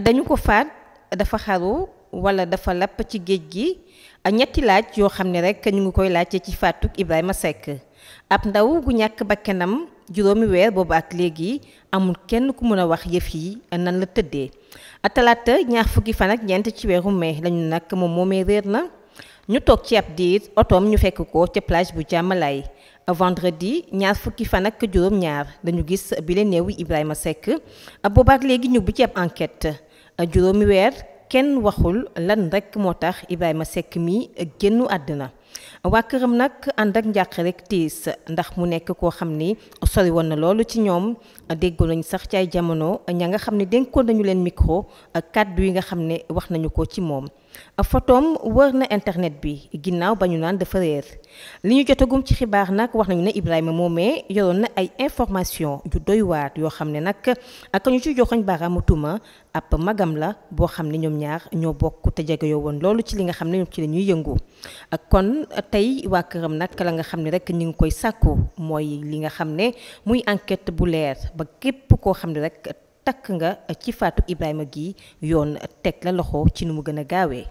dañu ko faat dafa xaru wala dafa lapp ci géej gi ñetti laaj yoo xam ne rek ñu ngi koy laajte ci faatuk Ibrahima sekk ab ndaw gu ñàkk bakkanam juróomi weer boobu ak léegi amul kenn ku mën a wax yëf yi nan la tëddee talaata ñaar fukki fan ak ñeent ci weeru mai lañu nag moom moomee réer na ñu toog ci ab diir otoom ñu fekk ko ca plage bu jàmmalaay vendredi ñaar fukki fan ak juróom-ñaar dañu gis bile néewu Ibrahima Seck boobu ak léegi ñu bu ci ab juróomi weer kenn waxul lan rekk moo tax Ibrahima Seck mi génnu àddina waa këram nag ànd ak njàq rek tiis ndax mu nekk koo xam ni sori woon na loolu ci ñoom déggoo nañ sax ci ay jamono ña nga xam ne dénkoon nañu leen micro kàddu yi nga xam ne wax nañu ko ci moom photoom wër na internet bi ginnaaw ba ñu naan dafa li ñu jotagum ci xibaar nag wax nañu ne Ibrahima moomee yoroon na ay information yu doy waar yoo xam ne nag ak ñu ci joxoñ baaraamu tuma ab magam la boo xam ne ñoom ñaar ñoo bokk te jege yoo woon loolu ci li nga xam ne ñoom ci lañuy ñuy yëngu kon tey waa këram nag la nga xam ni rek ñu ngi koy sàkku mooy li nga xam ne muy enquête bu leer ba képp koo xam ne rek takk nga ci faatu Ibrahima gi yoon teg la loxo ci nu mu gën a gaawee.